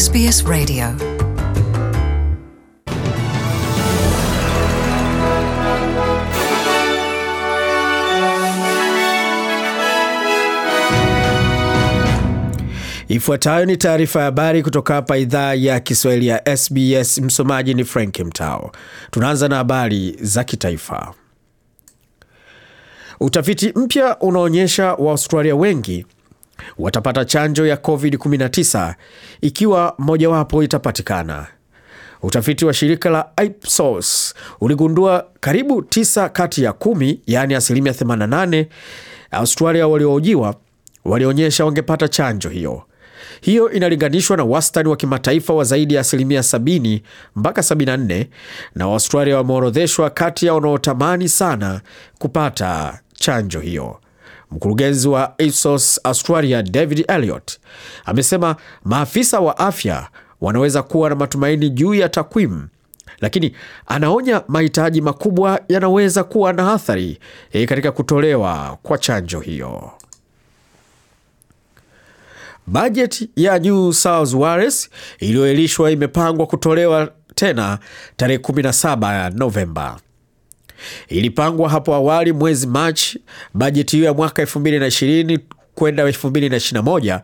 SBS Radio. Ifuatayo ni taarifa ya habari kutoka hapa idhaa ya Kiswahili ya SBS. Msomaji ni Frank Mtao. Tunaanza na habari za kitaifa. Utafiti mpya unaonyesha Waaustralia wengi watapata chanjo ya COVID-19 ikiwa mojawapo itapatikana. Utafiti wa shirika la Ipsos uligundua karibu tisa kati ya kumi, yaani asilimia 88 Australia waliohojiwa walionyesha wangepata chanjo hiyo. Hiyo inalinganishwa na wastani wa kimataifa wa zaidi ya asilimia 70 mpaka 74, na Waaustralia wameorodheshwa kati ya wanaotamani sana kupata chanjo hiyo. Mkurugenzi wa ASOS Australia David elliot amesema maafisa wa afya wanaweza kuwa na matumaini juu ya takwimu, lakini anaonya mahitaji makubwa yanaweza kuwa na athari e, katika kutolewa kwa chanjo hiyo. Bajeti ya New South Wales iliyoelishwa imepangwa kutolewa tena tarehe 17 Novemba. Ilipangwa hapo awali mwezi Machi. Bajeti hiyo ya mwaka 2020 kwenda 2021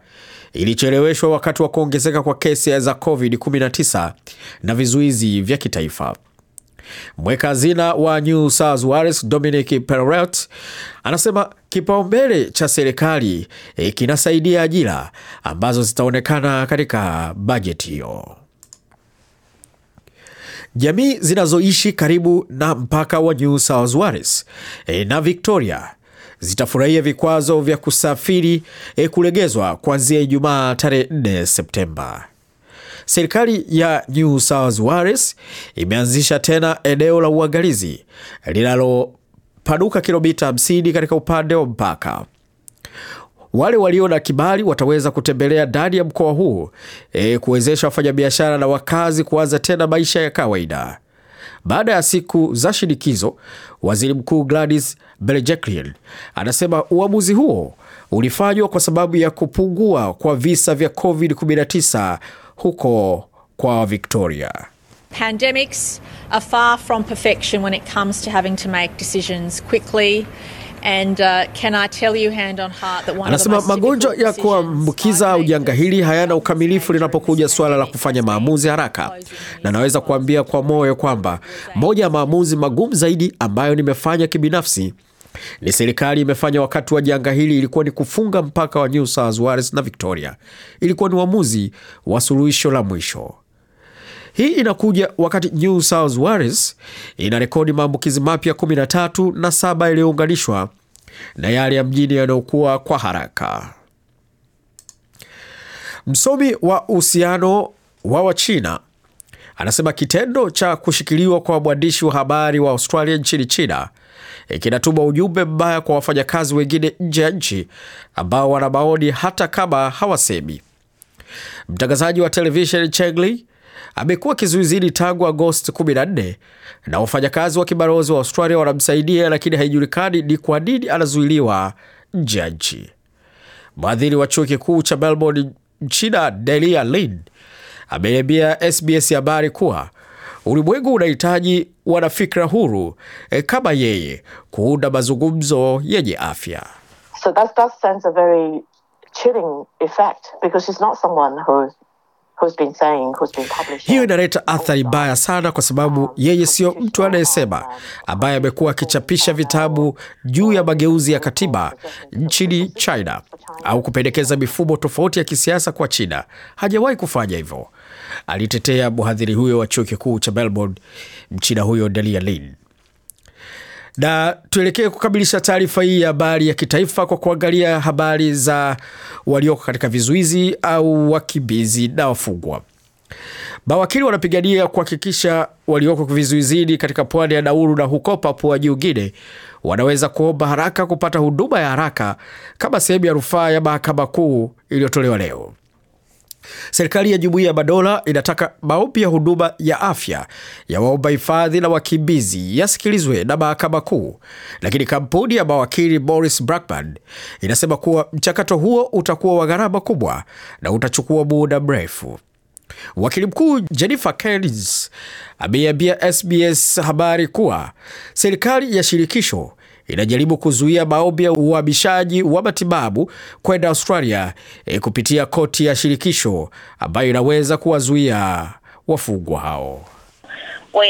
ilicheleweshwa wakati wa kuongezeka kwa kesi za COVID-19 na vizuizi vya kitaifa. Mweka hazina wa New South Wales Dominic Perrott anasema kipaumbele cha serikali e, kinasaidia ajira ambazo zitaonekana katika bajeti hiyo. Jamii zinazoishi karibu na mpaka wa New South Wales e, na Victoria zitafurahia vikwazo vya kusafiri e, kulegezwa kuanzia Ijumaa tarehe 4 Septemba. Serikali ya New South Wales imeanzisha tena eneo la uangalizi linalopanuka kilomita 50 katika upande wa mpaka wale walio na kibali wataweza kutembelea ndani ya mkoa huu e, kuwezesha wafanyabiashara na wakazi kuanza tena maisha ya kawaida. Baada ya siku za shinikizo, waziri mkuu Gladys Berejiklian anasema uamuzi huo ulifanywa kwa sababu ya kupungua kwa visa vya COVID-19 huko kwa Victoria. Pandemics are far from perfection when it comes to having to make decisions quickly. And, uh, can I tell you hand on heart that one anasema magonjwa ya kuambukiza ujanga hili hayana ukamilifu linapokuja suala la kufanya maamuzi haraka, na naweza kuambia kwa moyo kwamba moja ya maamuzi magumu zaidi ambayo nimefanya kibinafsi ni serikali imefanya wakati wa janga hili ilikuwa ni kufunga mpaka wa New South Wales na Victoria. Ilikuwa ni uamuzi wa suluhisho la mwisho. Hii inakuja wakati New South Wales ina rekodi maambukizi mapya 13 na saba yaliyounganishwa na yale ya mjini yanayokuwa kwa haraka. Msomi wa uhusiano wa Wachina anasema kitendo cha kushikiliwa kwa mwandishi wa habari wa Australia nchini China kinatuma ujumbe mbaya kwa wafanyakazi wengine nje ya nchi ambao wana maoni hata kama hawasemi. Mtangazaji wa televisheni Chengli amekuwa kizuizini tangu Agosti 14 na wafanyakazi wa kibalozi wa Australia wanamsaidia, lakini haijulikani ni kwa nini anazuiliwa nje ya nchi. Mwadhiri wa chuo kikuu cha Melbourne Mchina Delia Lin ameambia SBS habari kuwa ulimwengu unahitaji wanafikra huru e, kama yeye kuunda mazungumzo yenye afya. So that, hiyo inaleta athari mbaya sana, kwa sababu um, yeye siyo mtu anayesema, ambaye amekuwa akichapisha vitabu juu ya mageuzi ya katiba nchini China au kupendekeza mifumo tofauti ya kisiasa kwa China. Hajawahi kufanya hivyo, alitetea mhadhiri huyo wa chuo kikuu cha Melbourne, mchina huyo Delia Lin. Na tuelekee kukamilisha taarifa hii ya habari ya kitaifa kwa kuangalia habari za walioko katika vizuizi au wakimbizi na wafungwa. Mawakili wanapigania kuhakikisha walioko vizuizini katika pwani ya Nauru na huko Papua New Guinea wanaweza kuomba haraka kupata huduma ya haraka kama sehemu ya rufaa ya mahakama kuu iliyotolewa leo. Serikali ya Jumuiya ya Madola inataka maupi ya huduma ya afya ya waomba hifadhi na wakimbizi yasikilizwe na mahakama kuu, lakini kampuni ya mawakili Boris brackman inasema kuwa mchakato huo utakuwa wa gharama kubwa na utachukua muda mrefu. Wakili mkuu Jennifer kens ameiambia SBS habari kuwa serikali ya shirikisho inajaribu kuzuia maombi ya uhamishaji wa matibabu kwenda Australia e, kupitia koti ya shirikisho ambayo inaweza kuwazuia wafungwa hao. Um,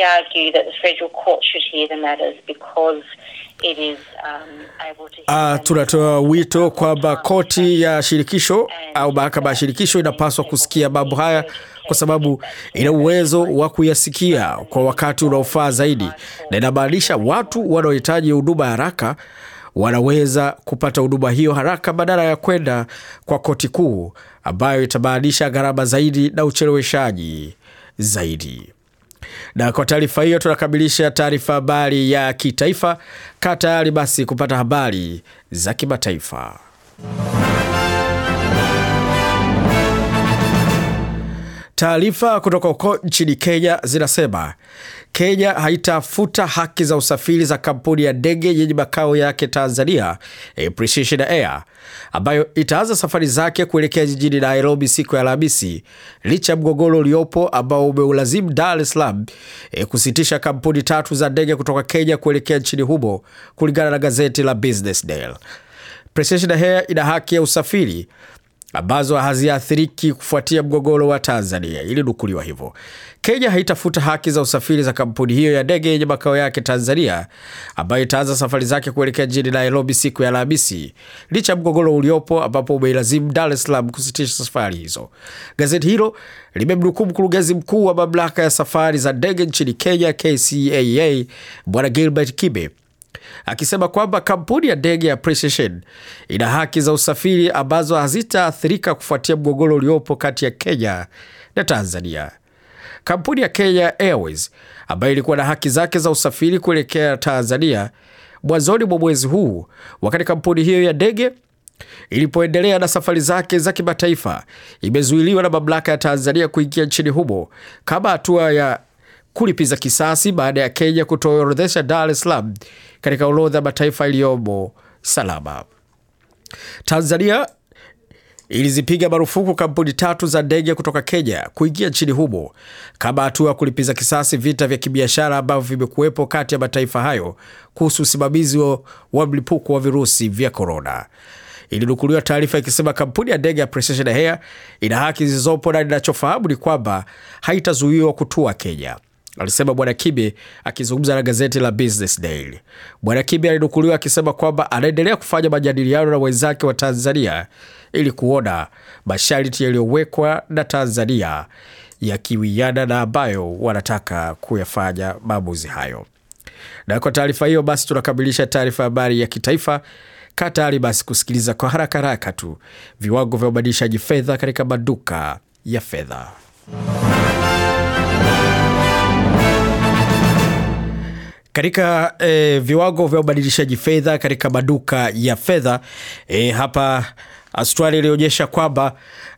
ah, tunatoa wito kwamba koti ya shirikisho au mahakama ya shirikisho inapaswa kusikia mambo haya kwa sababu ina uwezo wa kuyasikia kwa wakati unaofaa zaidi, na inamaanisha watu wanaohitaji huduma haraka wanaweza kupata huduma hiyo haraka badala ya kwenda kwa koti kuu ambayo itamaanisha gharama zaidi na ucheleweshaji zaidi. Na kwa taarifa hiyo tunakamilisha taarifa habari ya kitaifa. Kaa tayari basi kupata habari za kimataifa. Taarifa kutoka huko nchini Kenya zinasema Kenya haitafuta haki za usafiri za kampuni ya ndege yenye makao yake Tanzania Precision Air ambayo itaanza safari zake kuelekea jijini Nairobi siku ya Alhamisi licha ya mgogoro uliopo ambao umeulazimu Dar es Salaam e, kusitisha kampuni tatu za ndege kutoka Kenya kuelekea nchini humo kulingana na gazeti la Business Daily. Precision Air ina haki ya usafiri ambazo haziathiriki kufuatia mgogoro wa Tanzania. Ilinukuliwa hivyo. Kenya haitafuta haki za usafiri za kampuni hiyo ya ndege yenye makao yake Tanzania, ambayo itaanza safari zake kuelekea jijini Nairobi siku ya Alhamisi, licha ya mgogoro uliopo ambapo umeilazimu Dar es Salaam kusitisha safari hizo. Gazeti hilo limemnukuu mkurugenzi mkuu wa mamlaka ya safari za ndege nchini Kenya, KCAA, Bwana Gilbert Kibe akisema kwamba kampuni ya ndege ya Precision ina haki za usafiri ambazo hazitaathirika kufuatia mgogoro uliopo kati ya Kenya na Tanzania. Kampuni ya Kenya Airways ambayo ilikuwa na haki zake za usafiri kuelekea Tanzania mwanzoni mwa mwezi huu, wakati kampuni hiyo ya ndege ilipoendelea na safari zake za kimataifa, imezuiliwa na mamlaka ya Tanzania kuingia nchini humo kama hatua ya kulipiza kisasi baada ya Kenya kutoorodhesha Dar es Salaam katika orodha ya mataifa iliyomo salama. Tanzania ilizipiga marufuku kampuni tatu za ndege kutoka Kenya kuingia nchini humo kama hatua ya kulipiza kisasi vita vya kibiashara ambavyo vimekuwepo kati ya mataifa hayo kuhusu usimamizi wa mlipuko wa virusi vya korona. Ilinukuliwa taarifa ikisema kampuni ya ndege ya Precision Air ina haki zilizopo na inachofahamu ni kwamba haitazuiwa kutua Kenya alisema Bwana Kibe akizungumza na gazeti la Business Daily. Bwana Kibe alinukuliwa akisema kwamba anaendelea kufanya majadiliano na wenzake wa Tanzania ili kuona masharti yaliyowekwa na Tanzania yakiwiana na ambayo wanataka kuyafanya maamuzi hayo. Na kwa taarifa hiyo basi, tunakamilisha taarifa ya habari ya kitaifa. Kaa tayari basi kusikiliza kwa haraka haraka tu viwango vya ubadilishaji fedha katika maduka ya fedha. katika e, viwango vya ubadilishaji fedha katika maduka ya fedha e, hapa Australia ilionyesha kwamba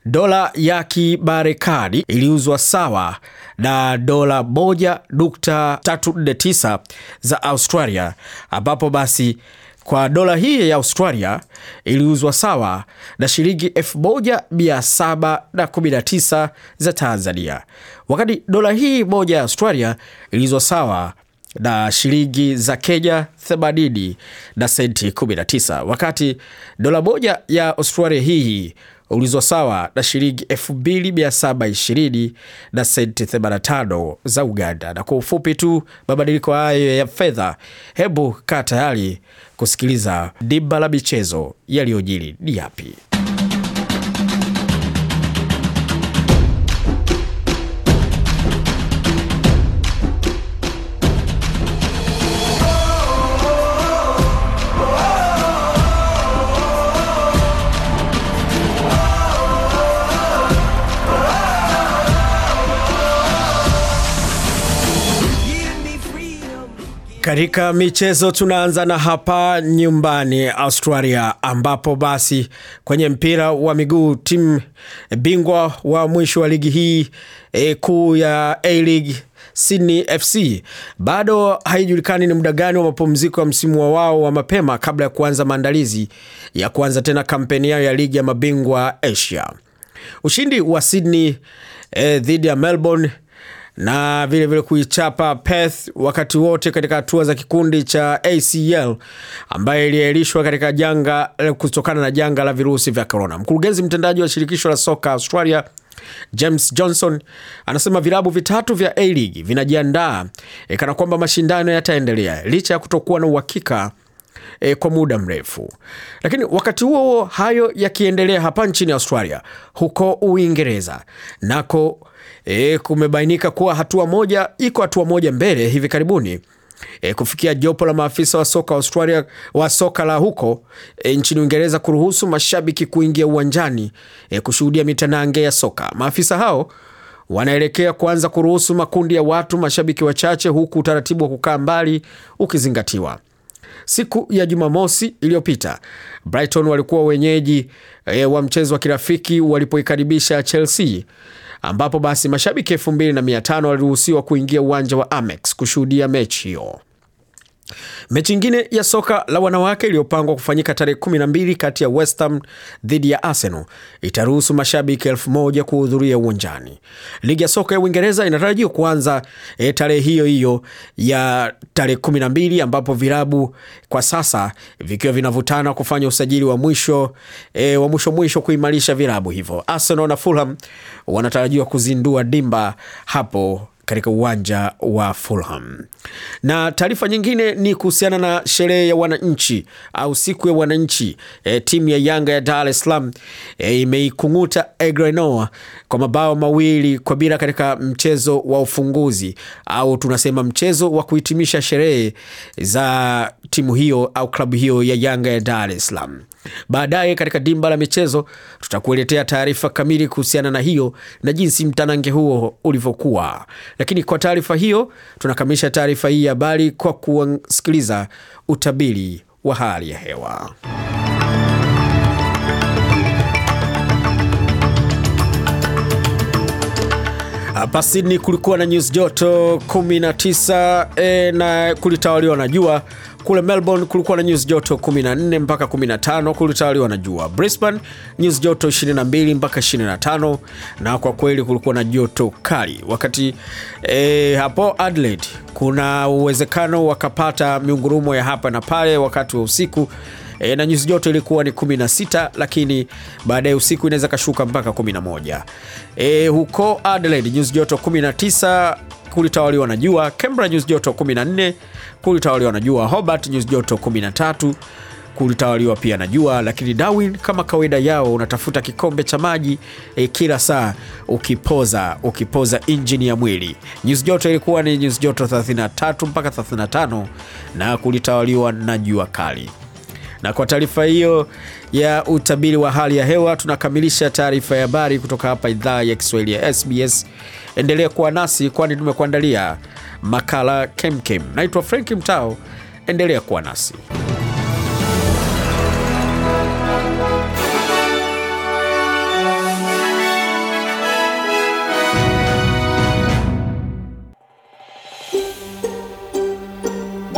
dola ya Kimarekani iliuzwa sawa na dola 1.349 za Australia, ambapo basi kwa dola hii ya Australia iliuzwa sawa na shilingi 1719 za Tanzania, wakati dola hii moja ya Australia iliuzwa sawa na shilingi za Kenya 80 na senti 19, wakati dola moja ya Australia hii ulizo sawa na shilingi 2720 na senti 85 za Uganda. Na kwa ufupi tu mabadiliko hayo ya fedha, hebu kaa tayari kusikiliza dimba la michezo yaliyojiri ni yapi. Katika michezo tunaanza na hapa nyumbani Australia, ambapo basi kwenye mpira wa miguu timu bingwa wa mwisho wa ligi hii e, kuu ya A-League Sydney FC bado haijulikani ni muda gani wa mapumziko ya msimu wa wao wa mapema kabla ya kuanza maandalizi ya kuanza tena kampeni yao ya ligi ya mabingwa Asia. Ushindi wa Sydney e, dhidi ya Melbourne na vilevile vile kuichapa Perth wakati wote katika hatua za kikundi cha ACL ambayo iliahirishwa katika janga eh, kutokana na janga la virusi vya korona. Mkurugenzi mtendaji wa shirikisho la soka Australia James Johnson anasema vilabu vitatu vya A-League vinajiandaa e, kana kwamba mashindano yataendelea licha ya kutokuwa na uhakika E, kwa muda mrefu. Lakini wakati huo huo hayo yakiendelea hapa nchini Australia, huko Uingereza nako e, kumebainika kuwa hatua moja iko hatua moja mbele hivi karibuni e, kufikia jopo la maafisa wa soka Australia wa soka la huko e, nchini Uingereza kuruhusu mashabiki kuingia uwanjani e, kushuhudia mitanange ya soka. Maafisa hao wanaelekea kuanza kuruhusu makundi ya watu, mashabiki wachache, huku utaratibu wa kukaa mbali ukizingatiwa. Siku ya Jumamosi iliyopita Brighton walikuwa wenyeji e, wa mchezo wa kirafiki walipoikaribisha Chelsea ambapo basi mashabiki 2500 na waliruhusiwa kuingia uwanja wa Amex kushuhudia mechi hiyo. Mechi ingine ya soka la wanawake iliyopangwa kufanyika tarehe 12 kati ya West Ham dhidi ya Arsenal itaruhusu mashabiki elfu moja kuhudhuria uwanjani. Ligi ya soka ya Uingereza inatarajiwa kuanza e, tarehe hiyo hiyo ya tarehe 12 ambapo vilabu kwa sasa vikiwa vinavutana kufanya usajili wa mwisho e, wa mwisho mwisho kuimarisha vilabu hivyo. Arsenal na Fulham wanatarajiwa kuzindua dimba hapo katika uwanja wa Fulham. Na taarifa nyingine ni kuhusiana na sherehe ya wananchi au siku ya wananchi. E, timu ya Yanga ya Dar es Salaam e, imeikung'uta Egrenoa kwa mabao mawili kwa bila katika mchezo wa ufunguzi au tunasema mchezo wa kuhitimisha sherehe za timu hiyo au klabu hiyo ya Yanga ya Dar es Salaam. Baadaye katika dimba la michezo tutakuletea taarifa kamili kuhusiana na hiyo na jinsi mtanange huo ulivyokuwa. Lakini kwa taarifa hiyo, tunakamilisha taarifa hii ya habari kwa kusikiliza utabiri wa hali ya hewa. Hapa ah, Sydney kulikuwa na nyuzi joto 19 e, eh, na kulitawaliwa na jua. Kule Melbourne kulikuwa na nyuzi joto 14 mpaka 15, kulitawaliwa na jua. Brisbane nyuzi joto 22 mpaka 25, na kwa kweli kulikuwa na joto kali wakati e, hapo Adelaide kuna uwezekano wakapata miungurumo ya hapa na pale wakati wa usiku e, na nyuzi joto ilikuwa ni 16, lakini baadaye usiku inaweza kashuka mpaka 11. E, eh, huko Adelaide nyuzi joto 19 kulitawaliwa na jua. Canberra nyuzi joto 14 kulitawaliwa na jua. Hobart nyuzi joto 13 kulitawaliwa pia na jua, lakini Darwin kama kawaida yao unatafuta kikombe cha maji e, kila saa ukipoza ukipoza injini ya mwili. Nyuzi joto ilikuwa ni nyuzi joto 33 mpaka 35 na kulitawaliwa na jua kali. Na kwa taarifa hiyo ya utabiri wa hali ya hewa tunakamilisha taarifa ya habari kutoka hapa idhaa ya Kiswahili ya SBS. Endelea kuwa nasi, kwani tumekuandalia makala kemkem. Naitwa Frank Mtao, endelea kuwa nasi.